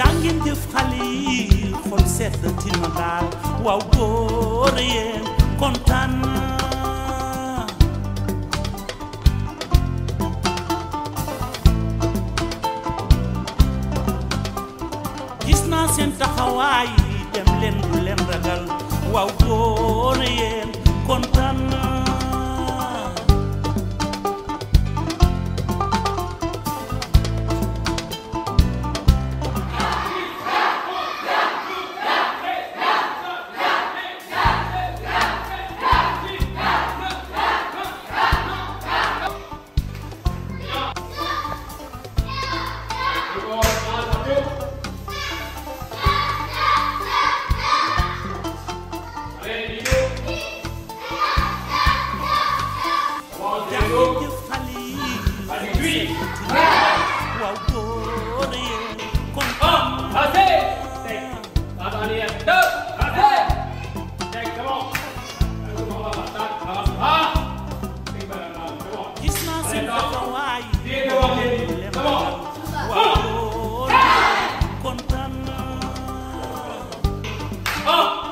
jaa ngeen jëf xale yi naa seen taxawaay dem leen du leen ragal waaw góor yéen kontaan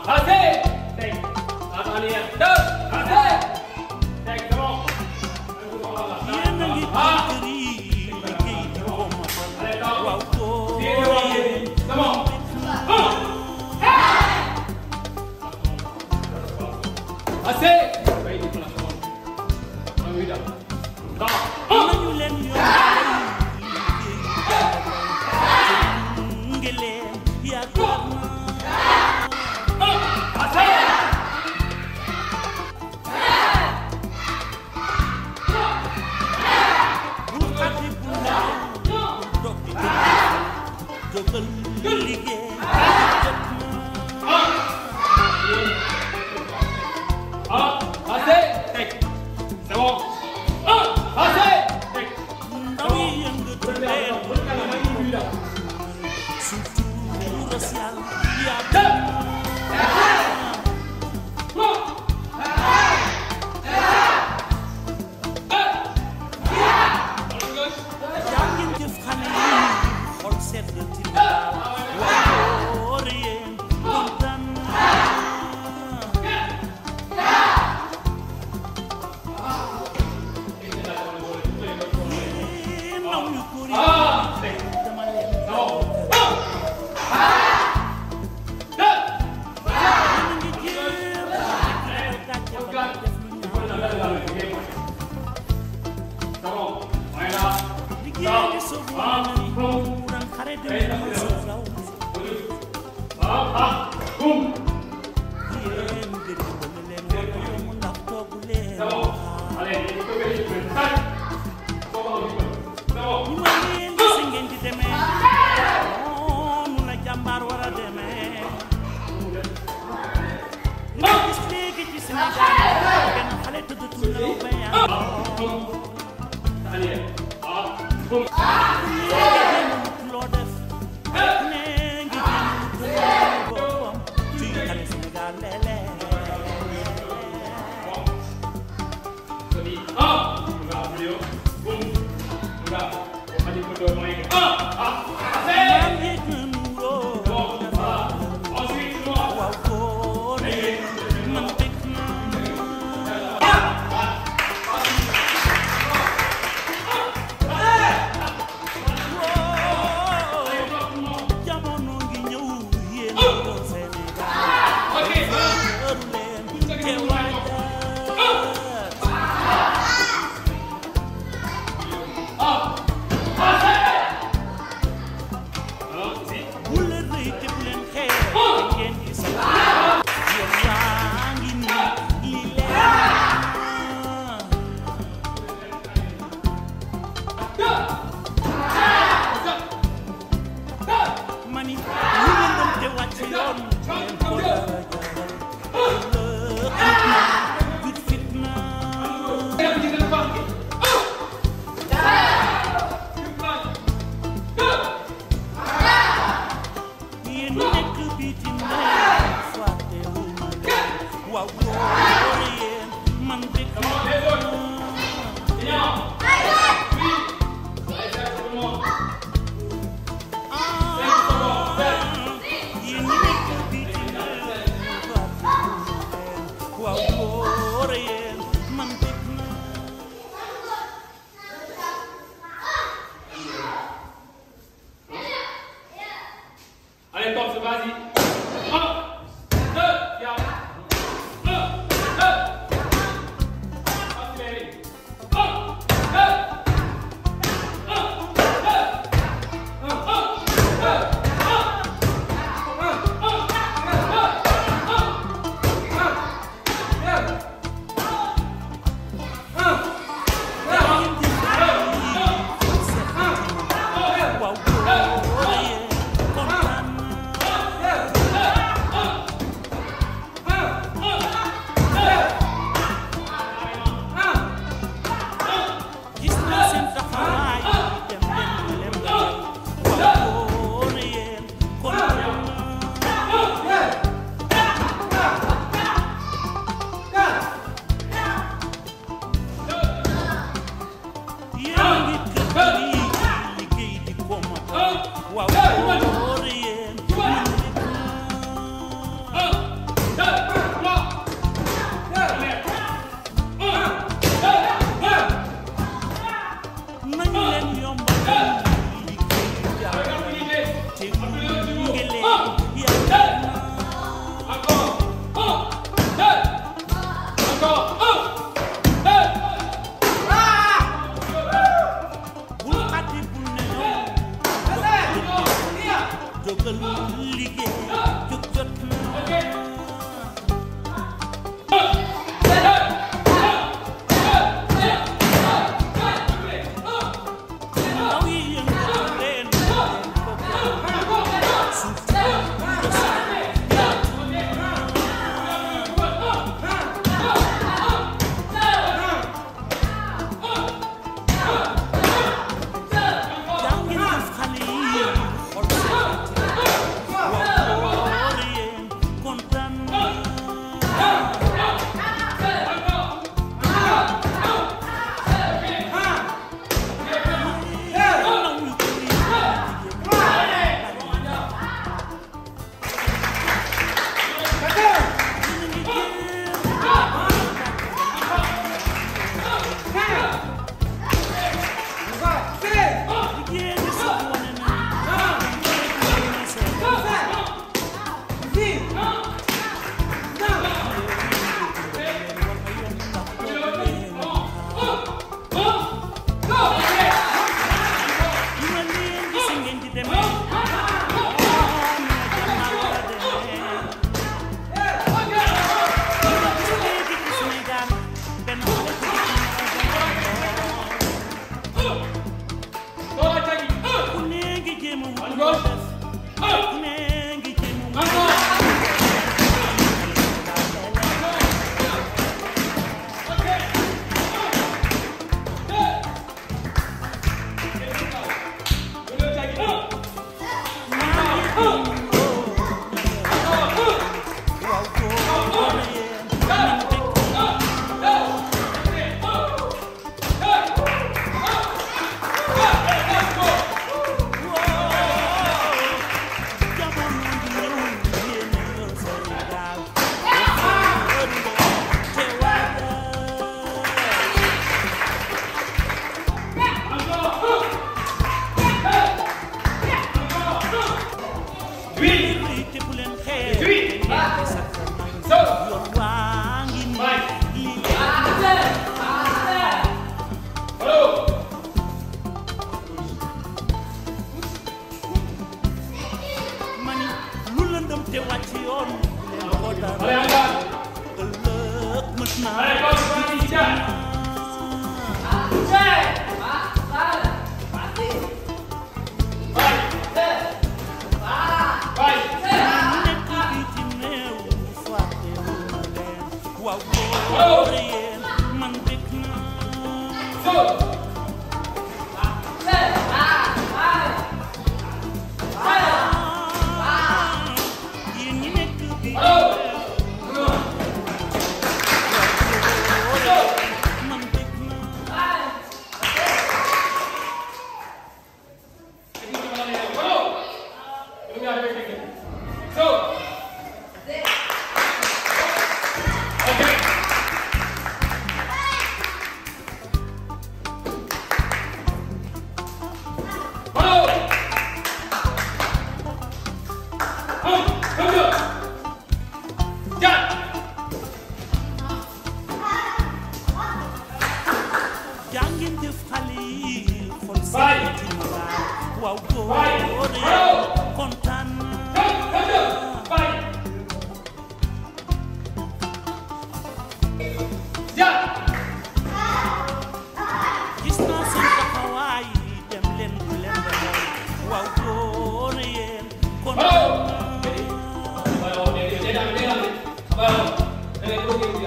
Fazer! the 好，冲！大力，好，冲！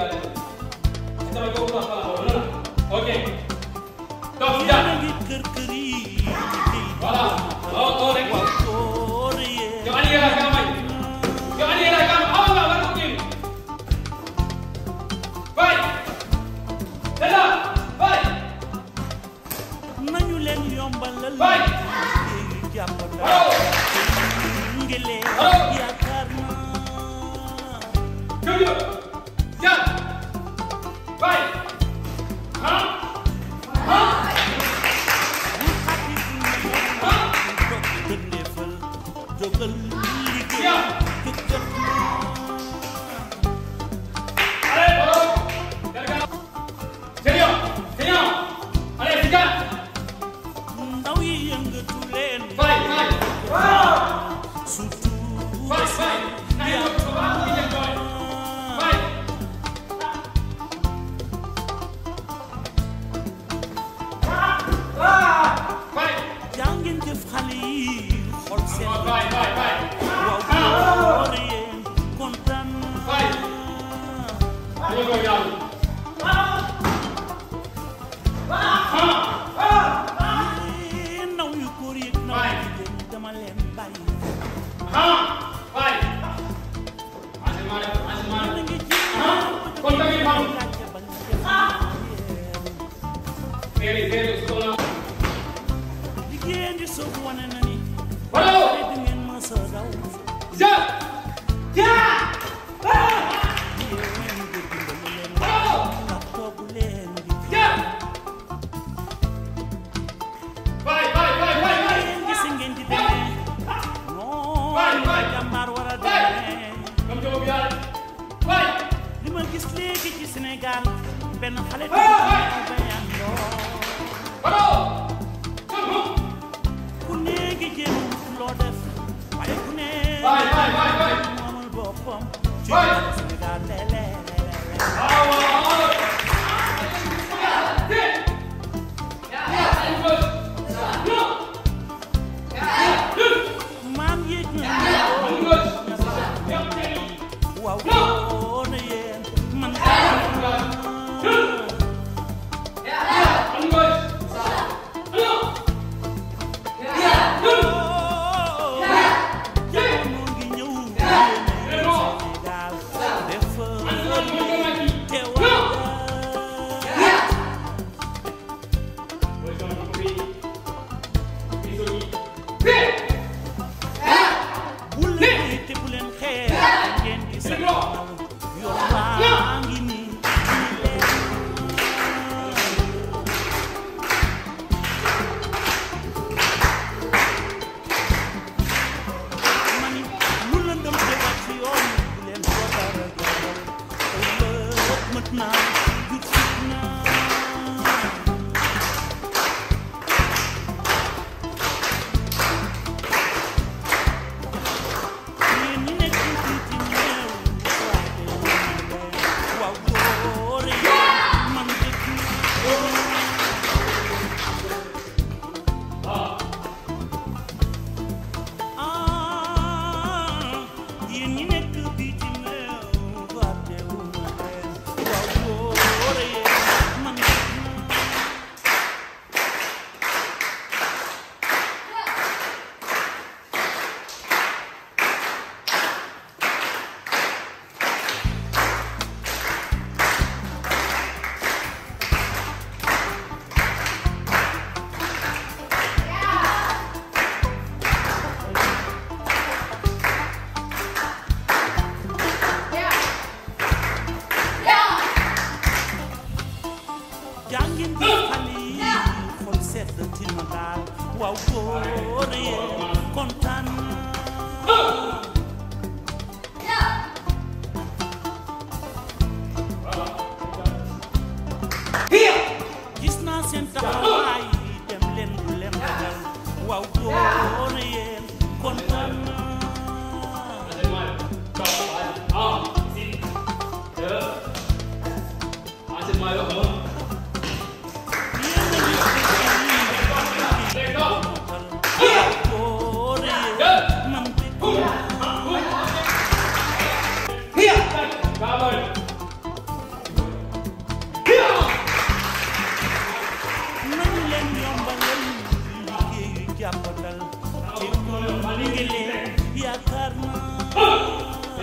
来。Vamos, obrigado. ci Sénégal benn xale te ku néegi def ku ci Sénégal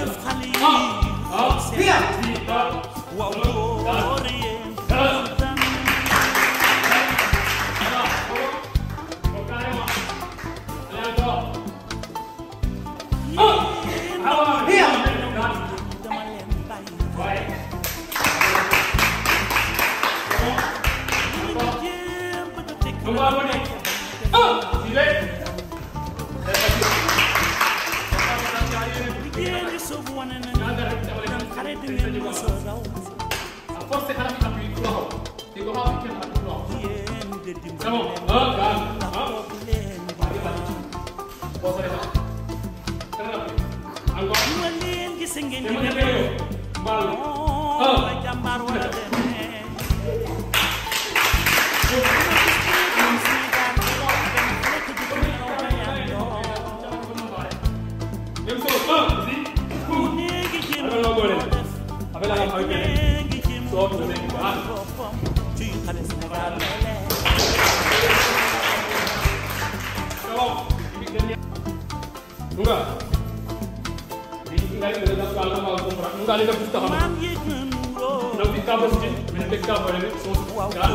of Singing, you never know. Oh, my God, Come on, kita dalam kalam malam kumpulan. Nura ada kita mana? Nampi kabel sih, mana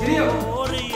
Grilo.